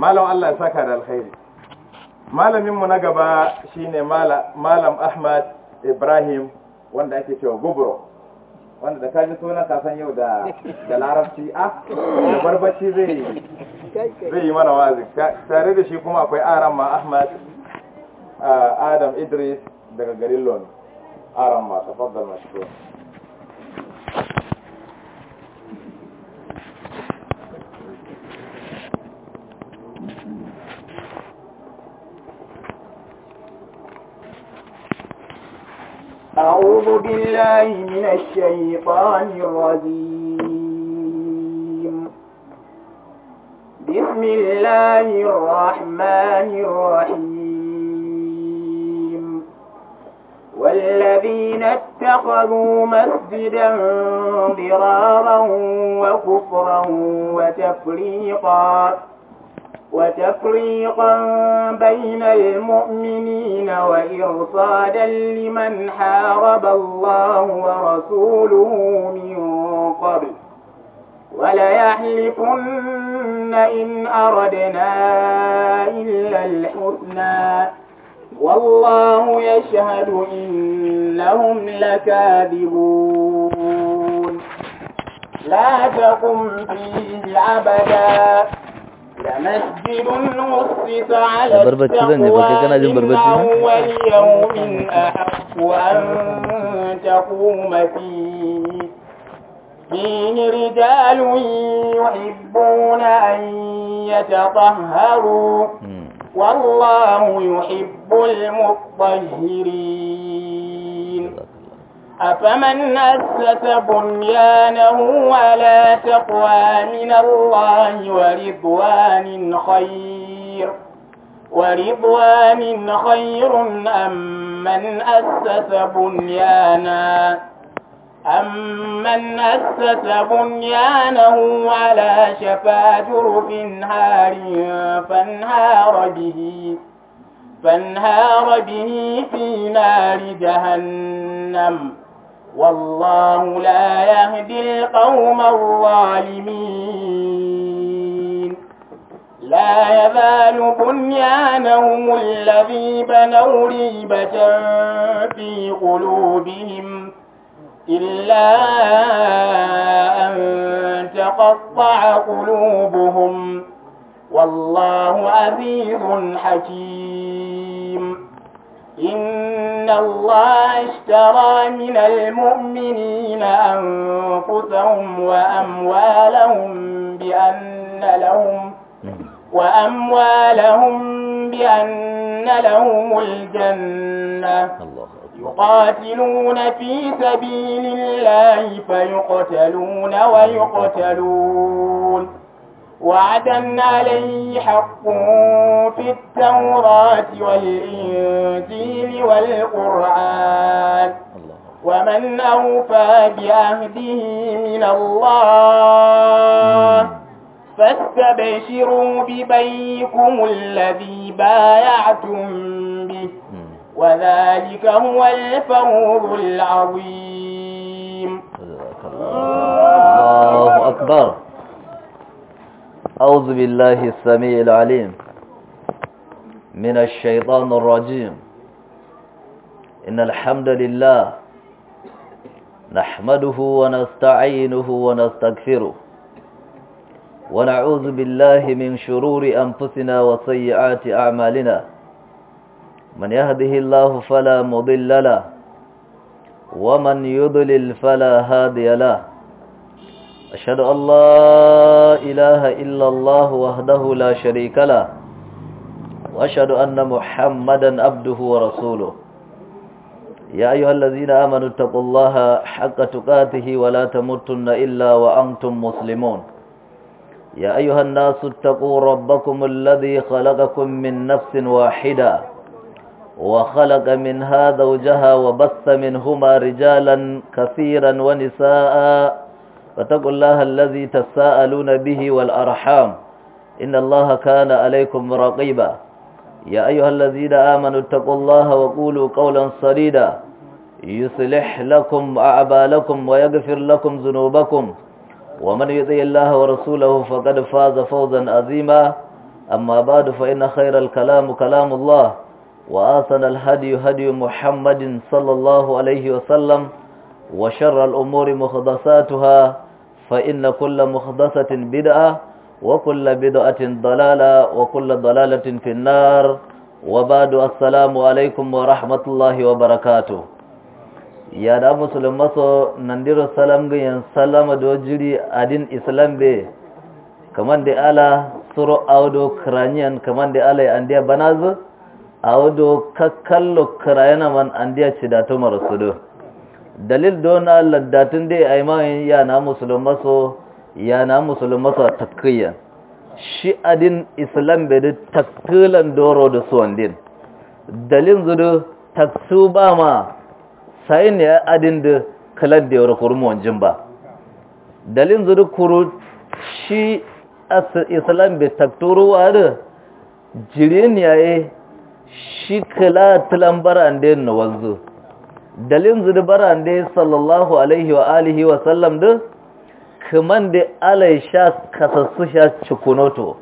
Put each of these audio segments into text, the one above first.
malam Allah ya saka da alkhairi malaminmu na gaba shine malam ahmad ibrahim wanda ake cewa gubro wanda da kaji suna kasan yau da da larabci a ah, da barbaci zai yi mana wazi tare da shi kuma akwai aran ma ahmad ah, adam idris daga garin lon aran ma tafaddal mashkur بالله من الشيطان الرجيم بسم الله الرحمن الرحيم والذين اتخذوا مسجدا ضرارا وكفرا وتفريقا وتفريقا بين المؤمنين وإرصادا لمن حارب الله ورسوله من قبل وليحلفن إن أردنا إلا الحسنى والله يشهد إنهم لكاذبون لا تقم فيه أبدا بربت ان نه پکې کنه جن بربت نه فيه رجال يحبون أن يتطهروا والله يحب المطهرين أفمن أسس بنيانه على تقوى من الله ورضوان خير ورضوان خير أم من أسس بنيانا أمن أسس بنيانه على شفا جرف هار فانهار به فانهار به في نار جهنم والله لا يهدي القوم الظالمين لا يزال بنيانهم الذي بنوا ريبة في قلوبهم إلا أن تقطع قلوبهم والله عزيز حكيم إن الله اشترى من المؤمنين أنفسهم وأموالهم بأن لهم وأموالهم بأن لهم الجنة يقاتلون في سبيل الله فيقتلون ويقتلون وعدا عليه حق في التوراة والإنجيل والقرآن ومن أوفى بعهده من الله فاستبشروا ببيكم الذي بايعتم به وذلك هو الفوز العظيم الله أكبر أعوذ بالله السميع العليم من الشيطان الرجيم إن الحمد لله نحمده ونستعينه ونستغفره ونعوذ بالله من شرور أنفسنا وسيئات أعمالنا من يهده الله فلا مضل له ومن يضلل فلا هادي له أشهد أن لا إله إلا الله وحده لا شريك له وأشهد أن محمدا عبده ورسوله يا أيها الذين آمنوا اتقوا الله حق تقاته ولا تموتن إلا وأنتم مسلمون يا أيها الناس اتقوا ربكم الذي خلقكم من نفس واحدة وخلق منها زوجها وبث منهما رجالا كثيرا ونساء فاتقوا الله الذي تساءلون به والأرحام إن الله كان عليكم رقيبا يا أيها الذين آمنوا اتقوا الله وقولوا قولا صديدا يصلح لكم أعبالكم ويغفر لكم ذنوبكم ومن يطيع الله ورسوله فقد فاز فوزا عظيما أما بعد فإن خير الكلام كلام الله وآثن الهدي هدي محمد صلى الله عليه وسلم وشر الأمور مخدساتها فإن كل مخدثة بدعة وكل بدعة ضلالة وكل ضلالة في النار وبعد السلام عليكم ورحمة الله وبركاته يا دا مسلم مسو نندير السلام جين سلام دوجري أدين إسلام بي كمان دي ألا سورو أودو كرانيان كمان دي ألا أنديا بناز أودو ككلو كراينا من أنديا شداتو مرسدو dalil dona laddatin dai a imamin yana musulun yana musulmaso takkiyan shi adin islam bai da takkilan doro da suwan din dalin zudu taksu ba ma sayin ya adin da kalar da yawar kurmuwan jin ba dalin zudu kuru shi islam bai takturuwa da jirin yaye shi kala tulambara andin na wanzu dalin zuɗi baran da sallallahu alaihi wa alihi wa sallam da kaman da alai sha kasassu sha cikunoto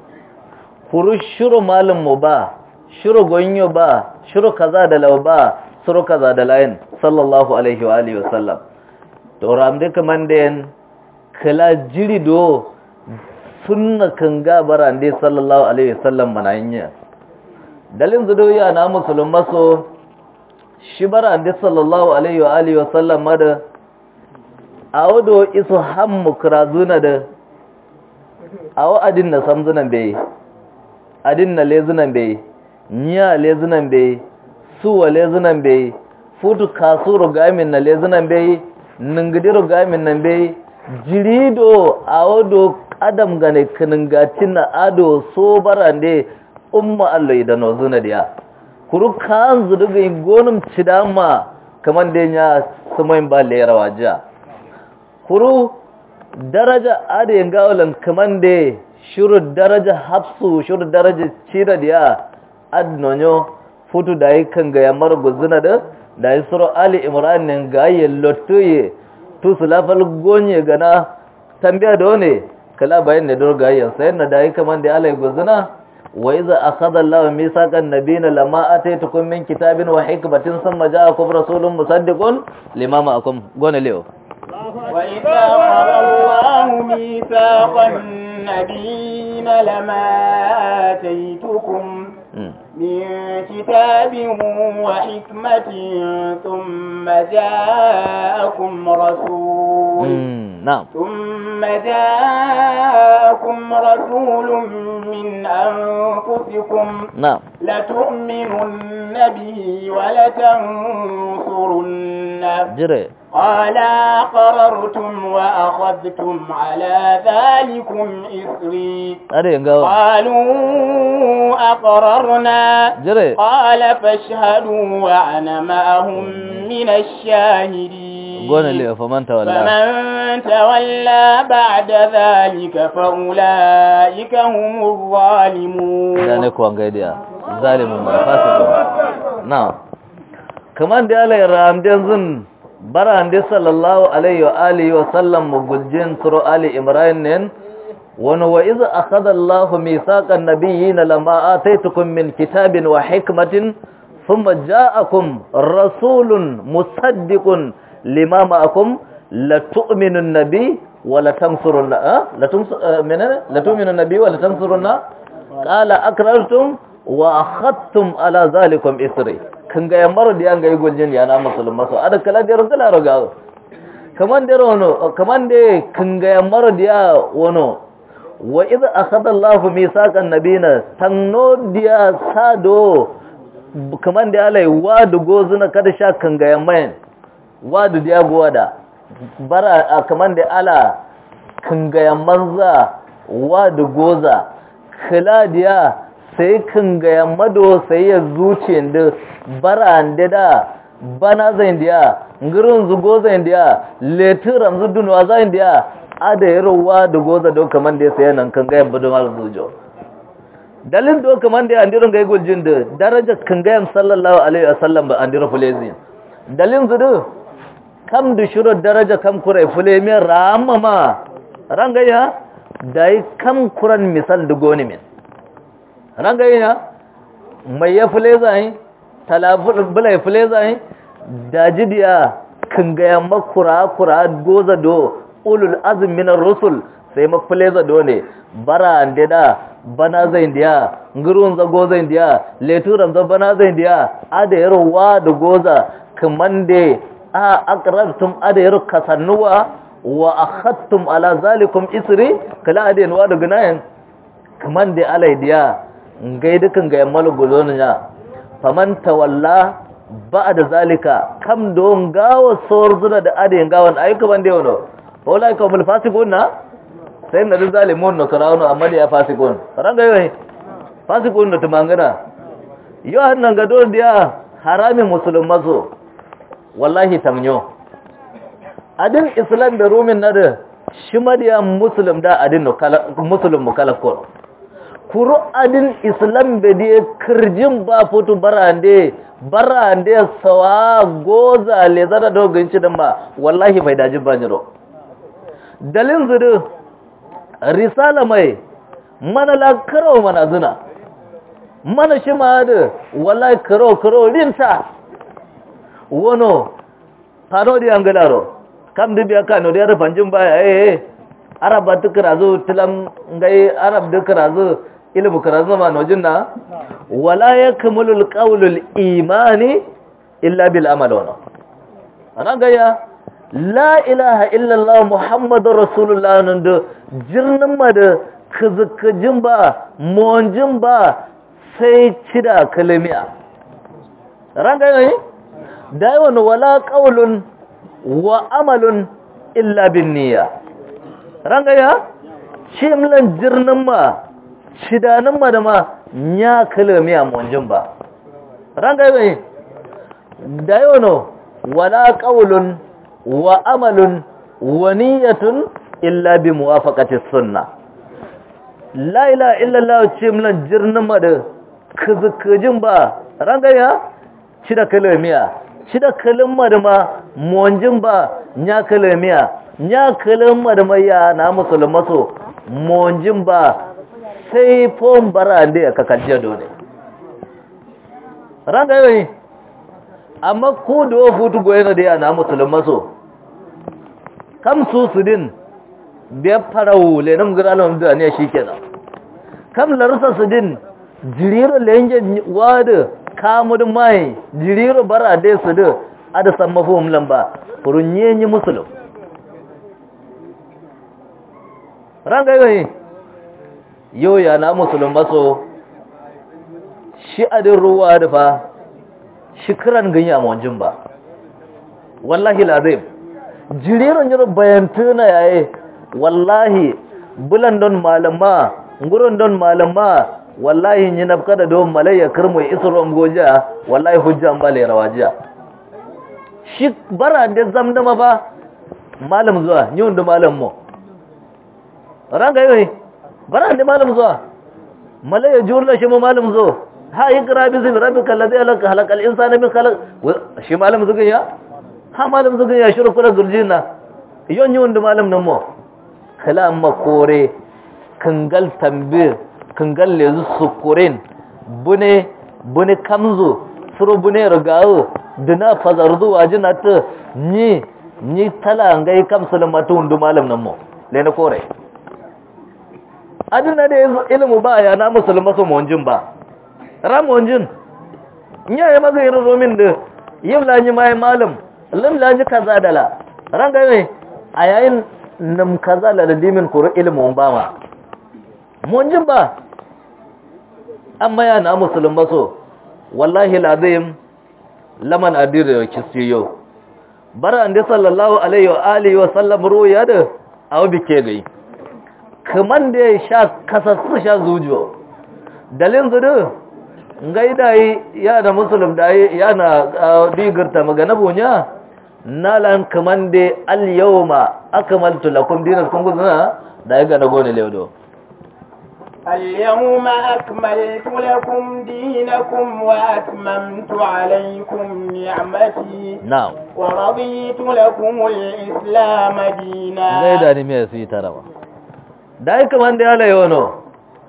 kuru shuru malin mu ba shuru gonyo ba shuru kaza da lau ba shuru kaza da layin sallallahu alaihi wa alihi wa sallam to ramdi kaman da yin kala jiri do sunna kan gabaran da sallallahu alaihi wa sallam mana yin dalin zuɗi yana musulun so. shi bara annabi sallallahu alaihi wa alihi wa sallam ma da awdo isu hammu krazuna da awo adin na samzunan bai adin na lezunan bai niya lezunan bai suwa lezunan bai futu kasu rugamin na lezunan bai ningidi rugamin nan bai jirido awodo adam gane kaningacin na ado so ne umma allo idano zuna diya kuru kan ga daga gonum cidama kaman da nya sumayin ba lera waja kuru daraja ade gawalan kaman da shuru daraja hapsu shuru daraja cira ya adnonyo futu dai kan ga yamar guzina da dai tsoro ali imran ne ga yellotoye to lafal gonye gana tambaya da ne kala bayan da dorga yan sai na dai kaman da alai guzina wa iza akhadha Allah mithaqan nabiyina lama ataytukum min kitabin wa hikmatin thumma ja'akum rasulun musaddiqun lima ma'akum gona leo wa iza akhadha Allah mithaqan nabiyina lama ataytukum من كتاب وحكمة ثم جاءكم rasulun. Hmm. نعم ثم جاءكم رسول من أنفسكم نعم لتؤمنن به ولتنصرنه جري قال أقررتم وأخذتم على ذلكم إسري قالوا أقررنا جري قال فاشهدوا وأنا معهم من الشاهدين gonale faman tawalla faman tawalla ba'da zalika fa ulaika humuz zalimun ne ko ngaidiya zalimun ba fasiko na kaman da Allah ramdan zun baran da sallallahu alaihi wa alihi wa sallam mugujin suru ali imran nen wani wa iza akhadha Allahu mithaqan nabiyyin lama ataitukum min kitabin wa hikmatin thumma ja'akum rasulun musaddiqun lima ma'akum la tu'minun nabi wa la tansurunna la menene la tu'minun nabi wa la tansurunna qala akrartum wa akhadtum ala zalikum isri kan ga yamar da an ga goljin yana musulma so ada kala da rutula raga kaman da rono kaman da kan ga yamar da wono wa idh akhadha Allahu mithaqan nabina tanno dia sado kaman da alai wa dugo zuna kada sha kan ga yamayan wadu da yagowa da bara a kaman da ala kangayan manza wadu goza kaladiya sai kangayan mado sai ya zuce da bara da da bana zai diya ngirin zugo zai diya letin ramzu dunwa zai diya ada ya rawa da goza do kamar da ya sayi nan kangayan mara zujo dalin do kamar da andirin ga igul daraja da darajar kangayan sallallahu alaihi wasallam ba andirin fulezin dalin zudu kam shirar daraja kam kurai fulemi gaya da yi kam kuran misal goni min gaya mai ya fule zai talaful ya fule zai kan gaya makura kura goza do ulul azumin min rusul sai mafule zado ne bara andeda bana zai diya ngurun za goza indiya leturan za bana zai indiya ada yarwa da goza kamande a aqrabtum adayruka sannuwa wa akhadtum ala zalikum isri kala adaynuwa daga nan kaman da alai diya ngai dukan ga yammal gulonnya faman tawalla ba'da zalika kam don gawo sor zuna da adayin gawan ayyuka bande wono wala ka mul fasiqun na sai na zalimun no karawno amma da ya fasiqun ranga yoyi fasiqun da tumangana yo hannan ga don diya haramin musulman zo wallahi tamnyo adin islam da rumin na da shi madiya musulun da adin musulun mukalakon kuru adin islam da da kirjin ba fito barande barande sawa goza le zara dogon ci ba wallahi mai dajin ba jiro dalin zuru risala mai mana lakarau mana zina mana shi ma da wallahi karo karo rinta Wano wono kanodi angelaro kam dibi akano dia panjum baya eh, eh arab batu karazu tilam ngai arab de karazu ilmu karazu ma nojinna wala yakmulu alqawlu alimani illa bil amal wono anangaya la ilaha illa allah muhammadur rasulullah nan do jirnin ma da kazakajin ba monjin ba sai cida kalmiya rangayoyi daiwan wala qaulun wa amalun illa binniya ranga ya shimlan jirnin ma shidanin ma da ma ya kalami a monjin ba ranga ya daiwan wala qaulun wa amalun wa niyyatun illa bi muwafaqati sunnah la ila illa Allah ce mun jirnin ma da kuzukujin ba ranga ya shi da kalamiya Cida kalin marma monjin ba nya kalamiya ya kalin marma ya na musulmaso monjin ba sai fon barande ya kakajiya dole ranga yi amma ko da hutu goyena da ya na musulmaso kam su su din biya farawo lenin gira alamun da ne shi kenan kam larusa su din jirirar lenjen wada kamar mai jiriro bara dai su do ada samma fum lamba purunye nyi musulun. ranga yoyi yi ya na musulun maso shi adin ruwa da fa shikran a monjin ba wallahi lazim jiriro bayantu na yaye wallahi bulan don malama nguron don malama wallahi ni nafka da don malayya kirmo isro goja wallahi hujjan rawa jiya. shi bara da zamdama ba malam zuwa ni wanda malam mu ranga yoyi bara da malam zuwa malayya jurna shi mu malam zo ha ikra bi zim rabbika alladhi halaka halakal insana min khalaq shi malam zuga ya ha malam zuga ya shiru kula gurjina yon ni wanda malam nan mu kalam kore, kangal tambir galle lezu sukurin bune bune kamzu suru bune rigawo dina fazardu wajina ta ni ni tala ngai kamsu da undu malam namo mu le na kore aduna da yanzu ilmu ba ya na musulma so monjin ba monjin nya ya yi maza irin romin da yin ni mai malam lim la lanyi kaza dala ran ga ne ayayin nam kaza la da dimin kuri ilimin ba ma monjin ba an maya na musulun so wallahi ladayin laman adir ya siyo yau bara an da sallallahu alaihi wa alihi wa sallam ruya da abu bike gai kaman da ya sha kasassu sha zujo dalin zudu ngai dai ya da musulun dai ya na digirta magana bunya nalan kaman da al yawma akmaltu dinar dinakum gudna da ya gana gona gone lewdo اليوم أكملت لكم دينكم وأتممت عليكم نعمتي نعم ورضيت لكم الإسلام دينا ليدا يدعني سيطة روا دائك من دي على يونو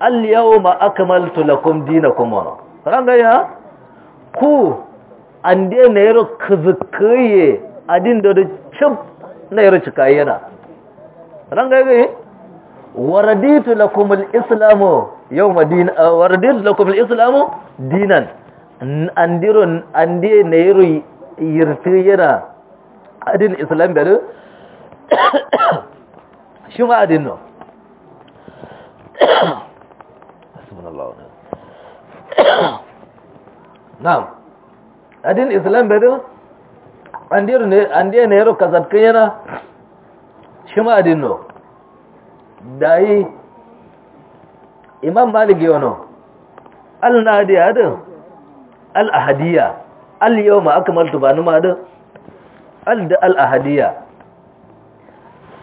اليوم أكملت لكم دينكم ورا فران يا كو عندي نيرو كذكي yaro kazakaye adin da da cin na yaro cikayyana ranga waraditu lakum al-islamu yawma din uh, waraditu islamu dinan andirun andi ne yiru yirtiyana adin islam da shi ma adin no subhanallah na'am adin islam andirun ne yiru shi ma adin no dayi imam malik yawon al-nadiya da al ahadiya al-yawma akmaltu bani ma da al al-ahadiya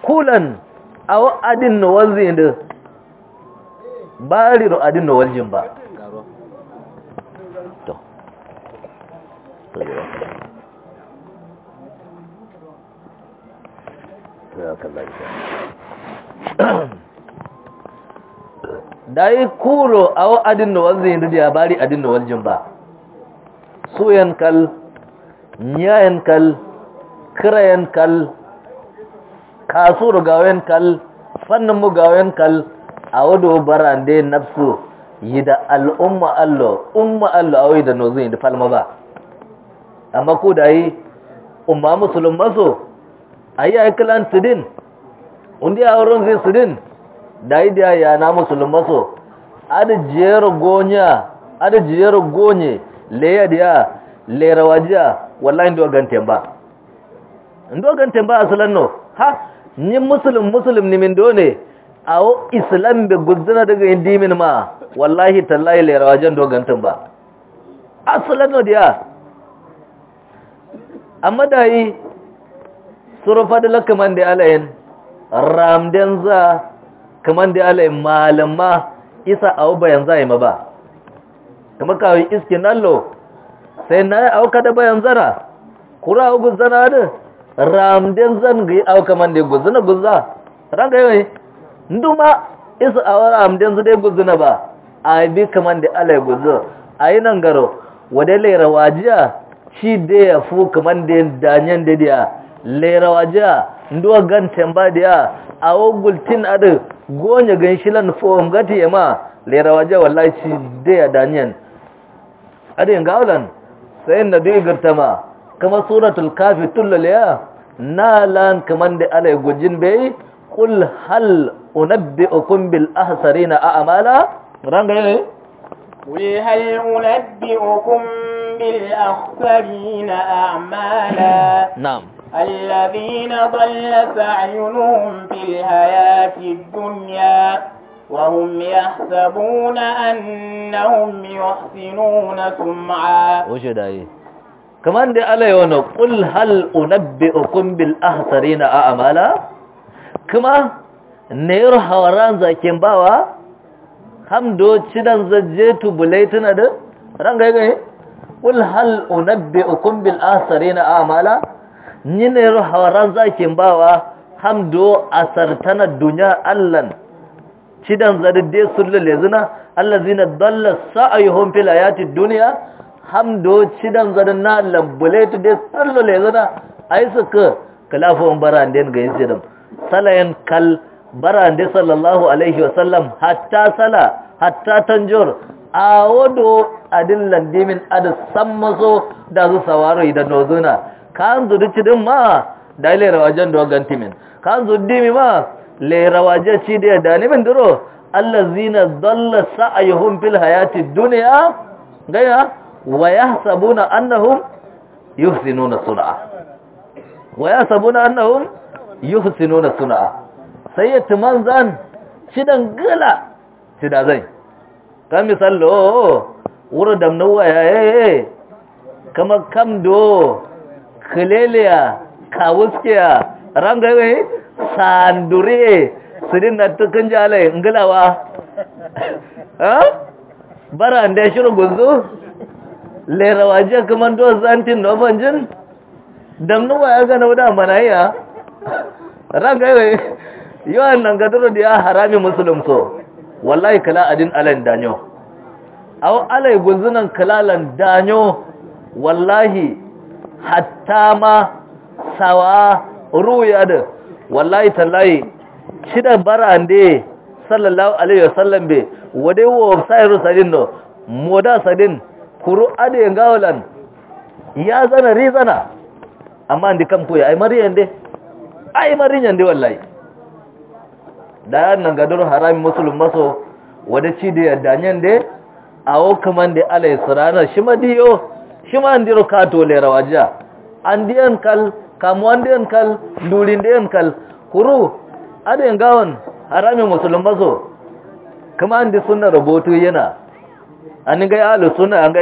kulan a wa'adin nawazin din bari ru'adin nawaljin ba to Yeah, I dai kuro aw adin da wanzu yin da bari adin da waljin ba suyan kal nyayan kal kirayan kal da gawayen kal fannin mu gawen kal a wado barande nafsu yi da al'umma allo umma a wai da nozu yi da falma ba amma ko da yi umma musulun maso a yi aikilan tudin undi awron zai sudin dai da ya na musulmaso ada jero gonya ada jero gonye leya dia lera wajiya, wallahi ndo gante ba ndo gante ba sulan no ha ni musulun musulun ni min a awo islam bai gudzana daga indi min ma wallahi tallahi lera wajen ndo gante ba sulan no diya amma da yi surufa da lakaman da alayin ramdan za kamar da Allah malama isa a bayan za ma ba kamar kawai iskin nallo, sai na yi auka da bayan zana kura awu guzana da ramdan zan ga auka man da guzana guzza ga yi nduma isa a wara zu su dai guzana ba a bi kamar da Allah guzza a yi nan garo wada lairawa wajiya? shi da ya fu kaman da danyen da dia lairawa wajiya? Ndua gan temba dia awo gultin adu gonya gan shilan fom gati ma. lera waje wallahi ci da danyan yang ngawlan sai na dai gartama kama suratul kafi tullaliya na lan kaman da gujin bai kul hal ukum bil ahsarina a'mala rangaye kul hal ukum bil ahsarina a'mala na'am الذين ضل سعيهم في الحياة الدنيا وهم يحسبون أنهم يحسنون سمعا وش داي كمان دي يونو قل هل أنبئكم بالأخسرين أعمالا كما نير حوران زاكين باوا hamdo cidan zajje tubulai tana da ranga gani qul hal unabbi'ukum bil asrina a'mala ñineeru hawaranza ke mbawa hamdo asartana dunya allan cidan zadde sulle lezina allazina dalla sa'ayhum fil ayati dunya hamdo cidan na allan buletu de sulle lezina ay suka kalafon den ga dam salayan kal de sallallahu alaihi wa sallam hatta sala hatta tanjur awodo adillan dimin ad sammaso da zu sawaro idan nozuna kaanzu dichidum ma Da ile rawajan do gantimen kaanzu dimi ma le rawaja ni min duro allazina dhalla sa'yuhum fil hayati dunya gaya wa yahsabuna annahum yuhsinuna sun'a wa yahsabuna annahum yuhsinuna sun'a tuman zan cidan gala cida zai kan misallo wuri damnawa yaye eh, eh, eh. kama kamdo kleliya kawuskiya rangaye sandure sirin na tukun jalai ngulawa bara da shirin gunzu lerawaje kuma do zantin jin? damnuwa ya gana wuda manayya rangaye yawan nan gadaro da ya harami musulun so wallahi kala adin alain danyo aw alai gunzunan kalalan danyo wallahi hatta ma sawa ruya da wallahi tallahi shida da barande sallallahu alaihi wasallam be wade wo sayru sadin no moda sadin kuru ade ngawalan ya zana rizana amma ndi kam koyi ai mari yande ai mari yande wallahi da nan gadar haram muslim maso wada ci da yadda yande awo kaman da alai sirana shi madiyo shima ndiro katolera waja andian kal kamwandian kal dulindian kal kuru aden gawan haramin musulun zo kuma an di sunna rubutu yana an ga alu sunna an ga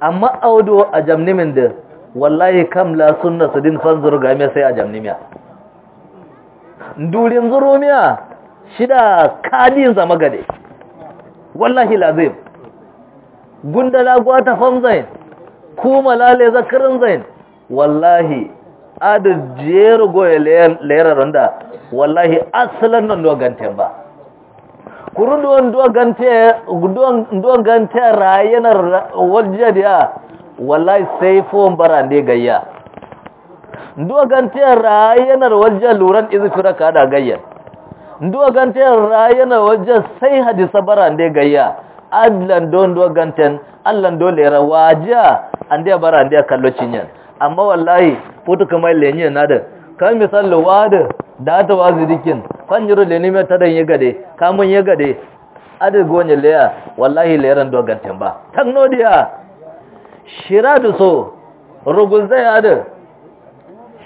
amma audu a jamnimin da wallahi kam la sunna din fanzur ga me sai a jamnimiya durin zurumiya shida kadin zama gade wallahi lazim gundala gwata famzain ku malale zakarin zain wallahi adad jeru goye lera ronda wallahi asalan nan do gante ba kurun do do gante do gante rayanar wajjadiya wallahi sai bara barande gayya do gante rayanar wajja luran izkura kada gayya do gante rayanar wajja sai hadisa barande gayya adlan don do ganten allan do lera waja an da bara an da kallo cinyan amma wallahi foto kamar na da kan lo wada da ta wazi dikin kan yiro leni me tadan ya gade mun ya gade ada gonye leya wallahi leran dogan tamba tangno dia shiradu so ruguzai ada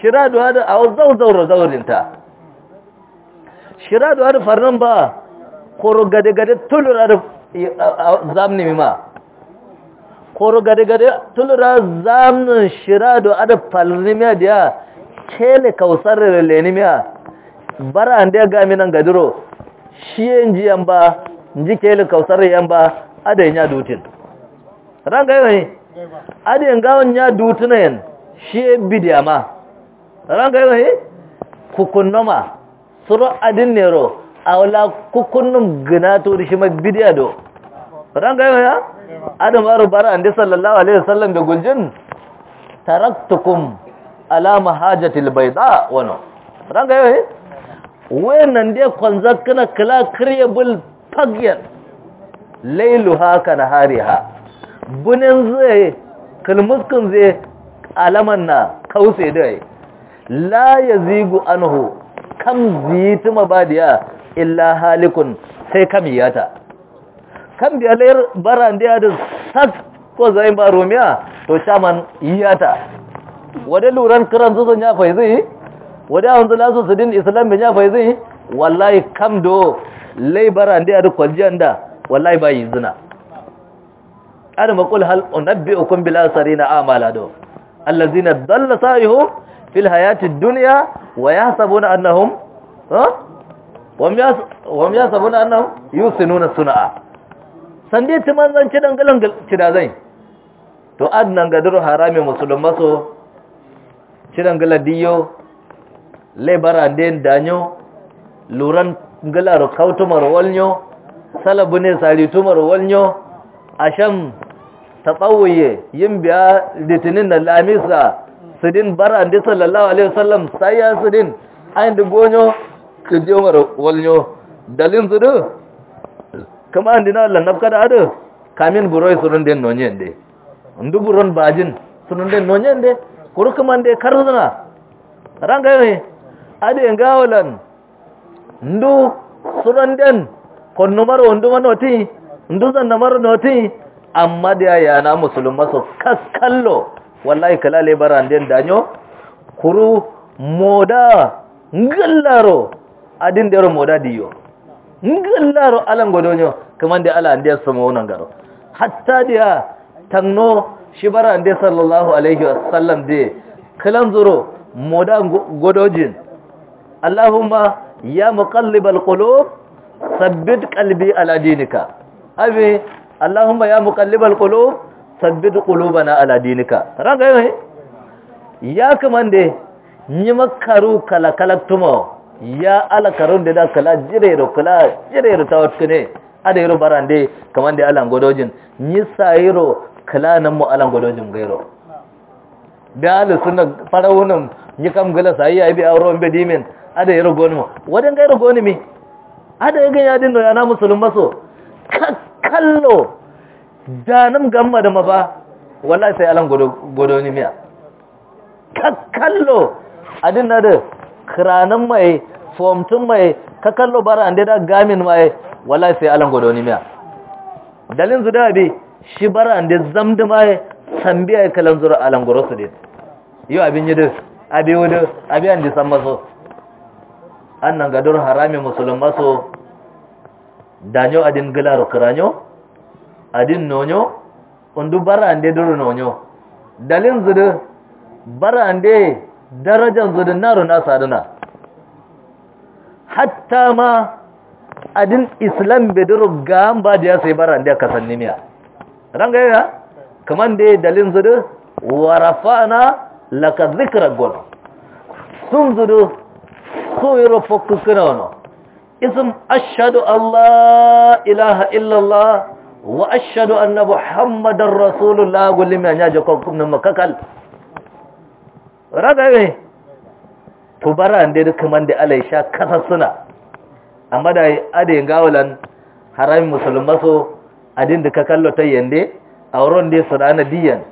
shiradu ada zau zawzaw zawrinta shiradu ada farnan ba ko gade gade tulur ada zamni mima koro gade-gade ra zamun shira do ada palinimiya diya kele kausarere lenimiya bara an daya gami nan gadiro shi yin ji yan ba ji kele kausarere yan ba ada yin ya dutin ran ga yi ada yin gawon ya dutina yin shi yin bidiya ma ran ga yi kukunoma suru adin nero a wula kukunnum gina to da shi mai bidiya do ran ga ya adam rubara an da sallallahu alaihi wasallam da guljin taraktukum ala mahajatil bayda wano ranga yoyi wannan dai kwanzar kana kala kriable pagyan lailuha ka nahariha bunin zai kalmuskun zai alaman na kause dai la yazigu anhu kam zituma badiya illa halikun sai kamiyata kan biya layar bara da ya da sas ko zai ba romiya to shaman yiyata wadda luran kiran zuzun ya fai zai wadda hanzu lasu su din bin ya fai zai wallahi kam do lai bara da ya da kwanjiyar da wallahi ba yi zina ana makul hal onabbi okun bila na amala do Allah zina dalla sa'ihu fil hayati duniya wa yahsabuna annahum ha wam yasabuna annahum yusinuna suna'a. sande ci manzan ci dangalan ci da zai to adnan gadur harami musulman maso ci dangala diyo lebara den danyo luran galar kautumar walnyo salabu ne saritumar walnyo asham taɓawoye yin biya litinin da lamisa sidin bara da sallallahu alaihi wasallam sai ya sidin ayin da gonyo kijiyar walnyo dalin zuru kama andi na lan nafkada ado kamin buroi surun den nonye nde ndu buron bajin surun den nonye nde kuru kama nde karuzna ranga yoi ade ngawalan ndu surun den kon numaro ndu manoti ndu zan numaro noti amma dia ya na musulma maso kaskallo wallahi kalale baran den danyo kuru moda ngallaro adin dero moda diyo ngallaro alan godonyo kaman da ala andiya sama wannan garo hatta dia tangno shibara ande sallallahu alaihi wasallam de kalan zuro moda godojin allahumma ya muqallibal qulub sabbit qalbi ala dinika abi allahumma ya muqallibal qulub sabbit qulubana ala dinika ranga ya kaman de nyimakaru makaru ya ala karunde da kala jirero kala jirero tawatkune ada yero barande kamande ala yi ni sayiro kala nan mu ala gudojin gairo da ala suna farawunan yi kam gala sayi ai bi auro a da yi yero mu wajen gairo a da yi ganyar no yana musulman so kallo danin gamma da mafa wallahi sai alan godo godo ni miya kakallo adin na da khiranan mai fomtun mai kakallo bara an dida gamin mai wallahi sai alan godoni miya dalin zu bi shi bara an dida zamdu mai tambiya kalan zura alan su din yau abin yi dis abi wudu abi an da san maso annan gadur harami musulma so danyo adin gilaro kiranyo adin nonyo undu bara an dida nonyo dalin zu da bara an dida darajan zudun narun asaduna hatta ma adin islam bidiru gam ba da ya sai baran da kasan nimiya ran ga ya kaman da dalin zudu warafana laka zikra gon sun zudu so yiro fokku kana wono ism ashhadu allah ilaha illa allah wa ashhadu anna muhammadar rasulullah gulli me anya jakon kun makakal ragaye to bara an dai duka man da Allah ya sha kasa suna amma da ade gawalan haramin musulma so adin da ka kallo ta yande auron su sunana diyan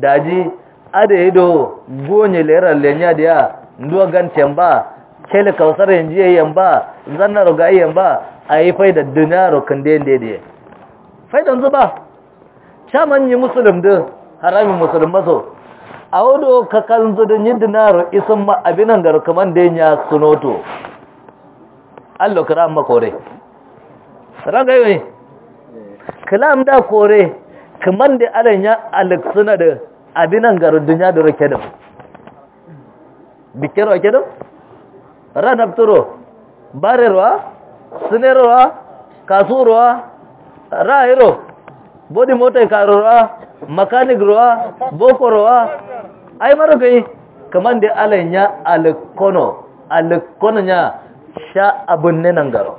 daji ade ido gonye lera lenya dia ndo gan temba kele kausar yanjiye yamba zanna roga yamba yi faida dinaro kande ya. faidan zuba chaman yi musulum da haramin musulma so wadda ka kanzu da yin dinaro isan ma abinan garu kaman da ya sunoto allo kiram ma kore ga yi kalam da kore kaman da alin ya alexuna da abinan garin dunya da rake da bikin rake da ranar turo barirwa sinerwa kasurwa rahiro bodi motai karurwa makanik ruwa boko ruwa ai mara kai kamar da ya alikono alikono ya sha abin nan garo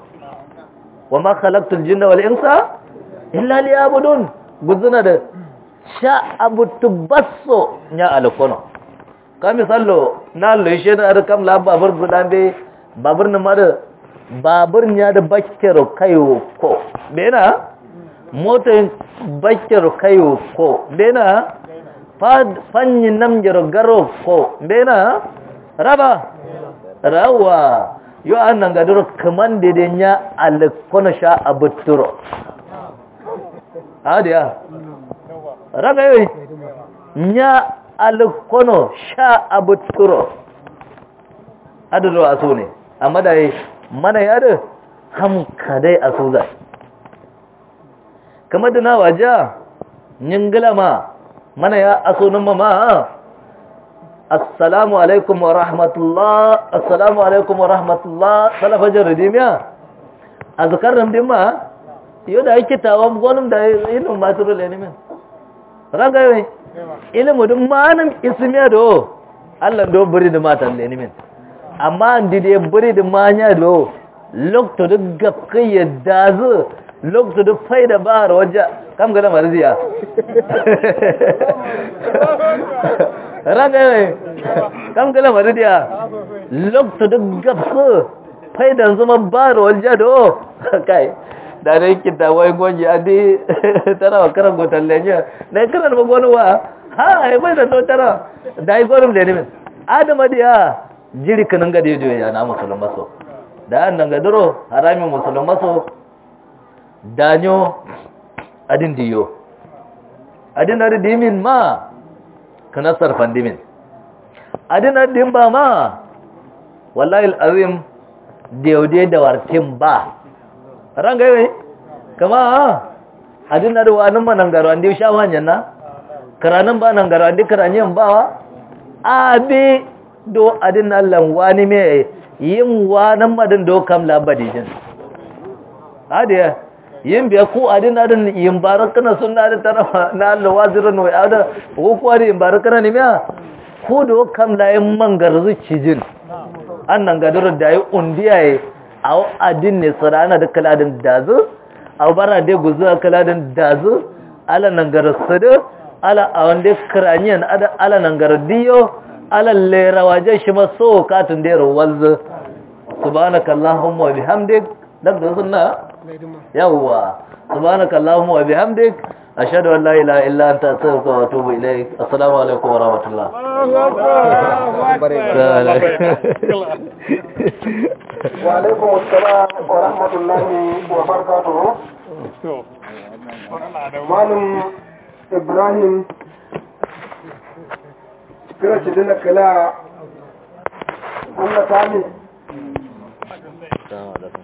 wa ma khalaqtul jinna wal insa illa liyabudun guzuna da sha abu tubasso ya alikono ka misallo na lushe na arkam la babur gudan be babur na mara babur ya da bakkero kaiwo ko na moto bakir kayo ko bena fanyi namjero garo ko bena raba rawa yo annan gadoro kaman dedenya alkono sha abutturo adiya raga yoyi nya alkono sha abutturo adoro aso ne amma da mana yada hamka dai asuzai. zai kama da na ಕಮದ mana ya aso nan ಅಸುನಮ್ಮಮ assalamu alaikum wa rahmatullah assalamu alaikum wa rahmatullah salafajin rijimiya a din ma yau da ake tawon gwanin da ilimin maturu lenimin ragaye ilimin din manin ismiya da o allah do buri da matan lenimin amma an dide buri da manya da o lokta duk gafkai ya dazu lokacin duk fai da bahar wajen kam gada marziya ranar ne kam gada marziya lokacin duk gafi fai da zuma bahar wajen da o kai da ne kita wai gwaji a di tara wa karan gotan lenya na karan magwanuwa ha a yi mai da to tara da yi gwanin lenimin adama diya ya jirikanin gadi juya na musulun maso da yan nan gadaro haramin musulun maso daño adin diyo adin ar dimin ma kana sarfan dimin adin ar dim ba ma wallahi alazim deode da wartin ba ranga yi kama adin ar wanin manangaro andi shawanyan na karanan ba nan gara duk karanyen ba abi do adin Allah wani me yin nan madin do kam jin adiya yin biya ko adin adin yin barakana na da tara na Allah wazirin wa da ko ko yin barakana ne miya ko da kam layin mangar an nan gadar da yi undiyaye a adin ne sarana da kaladin dazu a bara da guzu a kaladin dazu ala nan garar sadu ala a wanda kiraniyan ala nan garar diyo ala lera wajen shi so katun da yaron wanzu subhanakallahumma bihamdik dan da sunna yawwa subhanaka allahumma wa bihamdik ashhadu an la ilaha illa anta astaghfiruka wa atubu ilaik assalamu alaikum wa rahmatullah wa alaikum assalam wa rahmatullahi wa barakatuh malam ibrahim kira shi dina kala Allah ta